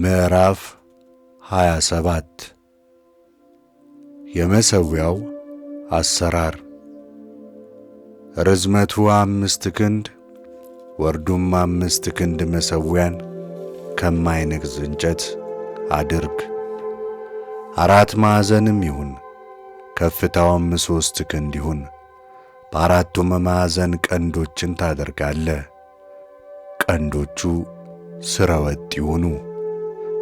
ምዕራፍ 27 የመሠዊያው አሰራር ርዝመቱ አምስት ክንድ ወርዱም አምስት ክንድ መሠዊያን ከማይነግዝ እንጨት አድርግ። አራት ማዕዘንም ይሁን፣ ከፍታውም ሦስት ክንድ ይሁን። በአራቱም ማዕዘን ቀንዶችን ታደርጋለ። ቀንዶቹ ስረ ወጥ ይሁኑ።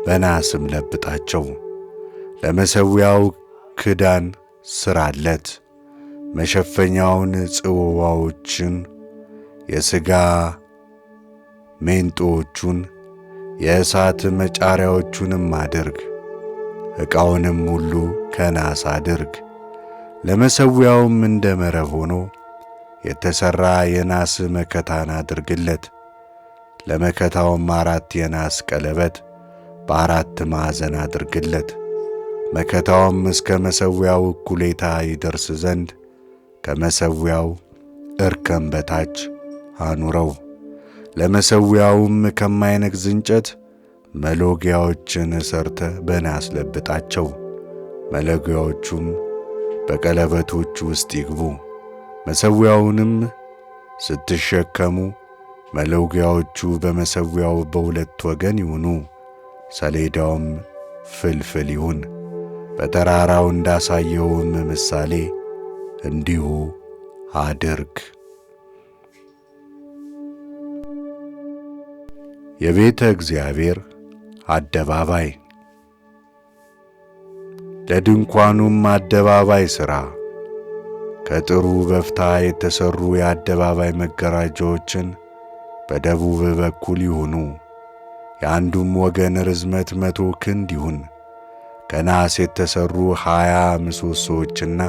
በናስም ለብጣቸው። ለመሠዊያው ክዳን ሥራለት፣ መሸፈኛውን ጽዋዎችን፣ የሥጋ ሜንጦዎቹን፣ የእሳት መጫሪያዎቹንም አድርግ። ዕቃውንም ሁሉ ከናስ አድርግ። ለመሠዊያውም እንደ መረብ ሆኖ የተሠራ የናስ መከታን አድርግለት። ለመከታውም አራት የናስ ቀለበት በአራት ማዕዘን አድርግለት። መከታውም እስከ መሠዊያው እኩሌታ ይደርስ ዘንድ ከመሠዊያው እርከን በታች አኑረው። ለመሠዊያውም ከማይነግዝ እንጨት መሎጊያዎችን ሰርተ በናስ ለብጣቸው። መሎጊያዎቹም በቀለበቶች ውስጥ ይግቡ። መሠዊያውንም ስትሸከሙ መሎጊያዎቹ በመሠዊያው በሁለት ወገን ይሁኑ። ሰሌዳውም ፍልፍል ይሁን። በተራራው እንዳሳየውም ምሳሌ እንዲሁ አድርግ። የቤተ እግዚአብሔር አደባባይ ለድንኳኑም አደባባይ ሥራ ከጥሩ በፍታ የተሠሩ የአደባባይ መጋረጃዎችን በደቡብ በኩል ይሁኑ። የአንዱም ወገን ርዝመት መቶ ክንድ ይሁን። ከናስ የተሠሩ ሀያ ምሰሶዎችና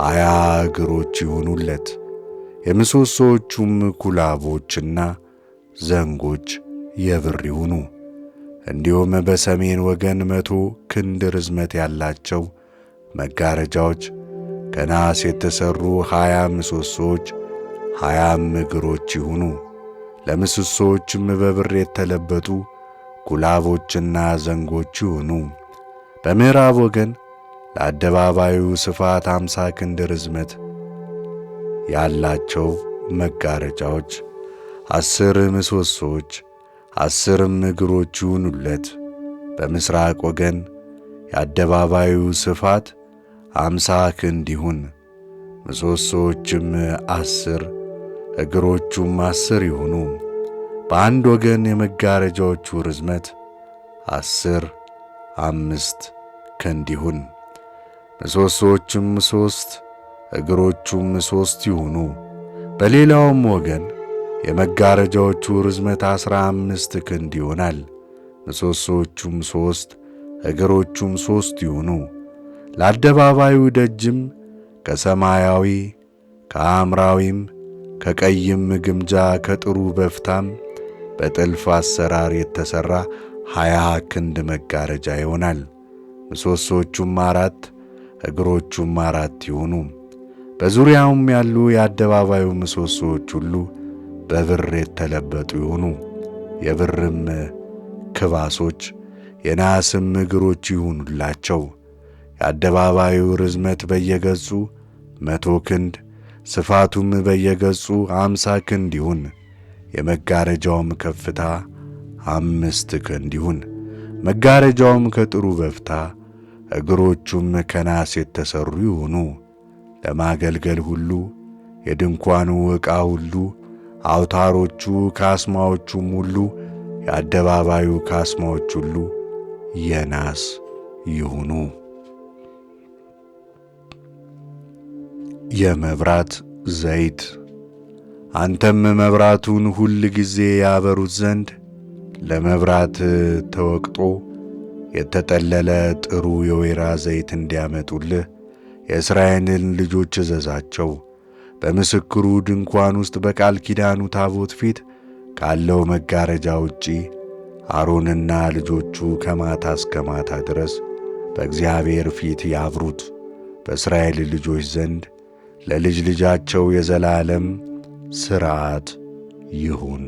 ሀያ እግሮች ይሁኑለት። የምሰሶዎቹም ኩላቦችና ዘንጎች የብር ይሁኑ። እንዲሁም በሰሜን ወገን መቶ ክንድ ርዝመት ያላቸው መጋረጃዎች ከናስ የተሠሩ ሀያ ምሰሶዎች ሀያም እግሮች ይሁኑ። ለምሰሶዎችም በብር የተለበጡ ኩላቦችና ዘንጎች ይሁኑ። በምዕራብ ወገን ለአደባባዩ ስፋት አምሳ ክንድ ርዝመት ያላቸው መጋረጃዎች አስር ምሰሶዎች አስርም እግሮች ይሁኑለት። በምስራቅ ወገን የአደባባዩ ስፋት አምሳ ክንድ ይሁን። ምሰሶዎችም አስር እግሮቹም አስር ይሁኑ። በአንድ ወገን የመጋረጃዎቹ ርዝመት አስር አምስት ክንድ ይሁን። ምሰሶዎቹም ሦስት እግሮቹም ሦስት ይሁኑ። በሌላውም ወገን የመጋረጃዎቹ ርዝመት አስራ አምስት ክንድ ይሆናል። ምሰሶዎቹም ሦስት እግሮቹም ሦስት ይሁኑ። ለአደባባዩ ደጅም ከሰማያዊ ከሐምራዊም ከቀይም ግምጃ ከጥሩ በፍታም በጥልፍ አሰራር የተሠራ ሀያ ክንድ መጋረጃ ይሆናል። ምሰሶቹም አራት እግሮቹም አራት ይሆኑ በዙሪያውም ያሉ የአደባባዩ ምሰሶዎች ሁሉ በብር የተለበጡ ይሆኑ። የብርም ክባሶች የናስም እግሮች ይሁኑላቸው። የአደባባዩ ርዝመት በየገጹ መቶ ክንድ ስፋቱም በየገጹ አምሳ ክንድ ይሁን። የመጋረጃውም ከፍታ አምስት ክንድ ይሁን። መጋረጃውም ከጥሩ በፍታ እግሮቹም ከናስ የተሠሩ ይሁኑ። ለማገልገል ሁሉ የድንኳኑ ዕቃ ሁሉ አውታሮቹ፣ ካስማዎቹም ሁሉ የአደባባዩ ካስማዎች ሁሉ የናስ ይሁኑ። የመብራት ዘይት። አንተም መብራቱን ሁል ጊዜ ያበሩት ዘንድ ለመብራት ተወቅጦ የተጠለለ ጥሩ የወይራ ዘይት እንዲያመጡልህ የእስራኤልን ልጆች እዘዛቸው። በምስክሩ ድንኳን ውስጥ በቃል ኪዳኑ ታቦት ፊት ካለው መጋረጃ ውጪ አሮንና ልጆቹ ከማታ እስከ ማታ ድረስ በእግዚአብሔር ፊት ያብሩት። በእስራኤል ልጆች ዘንድ ለልጅ ልጃቸው የዘላለም ሥርዓት ይሁን።